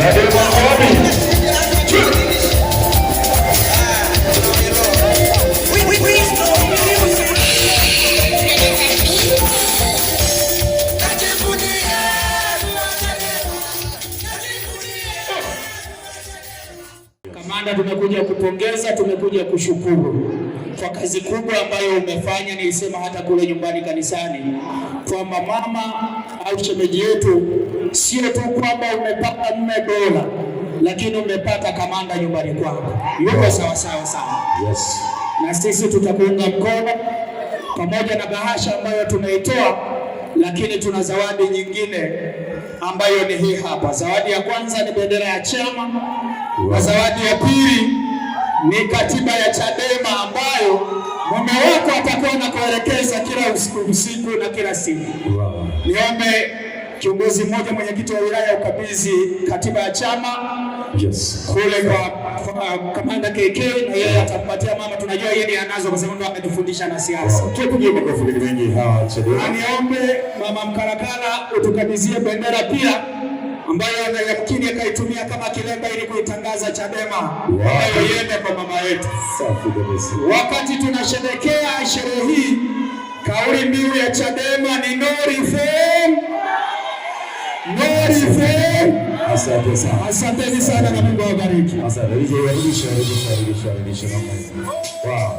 Everyone on me. Kamanda, tumekuja kupongeza, tumekuja kushukuru kwa kazi kubwa ambayo umefanya. Nilisema hata kule nyumbani kanisani kwamba mama au shemeji yetu, sio tu kwamba umepata mme bora, lakini umepata kamanda nyumbani kwako, yuko sawasawa sana. Yes, na sisi tutakuunga mkono pamoja na bahasha ambayo tunaitoa, lakini tuna zawadi nyingine ambayo ni hii hapa. Zawadi ya kwanza ni bendera ya chama na zawadi ya pili ni katiba ya Chadema ambayo mume wako atakuwa anakuelekeza kila usiku usiku na kila siku. Niombe kiongozi mmoja, mwenyekiti wa wilaya, ukabidhi katiba ya chama yes, kule kwa uh, kamanda KK na yeye atakupatia mama. Tunajua yeye ndiye anazo kwa sababu amejifundisha na siasa. Niombe mama Mkarakala utukabidhie bendera pia ambayo anafikiri akaitumia kama kilemba ili kuitangaza Chadema ambayo iende kwa mama yetu. Wakati tunasherekea sherehe hii, kauli mbiu ya Chadema ni no reform, no reform. Asante sana, asanteni sana na Mungu awabariki. Asante. Wow.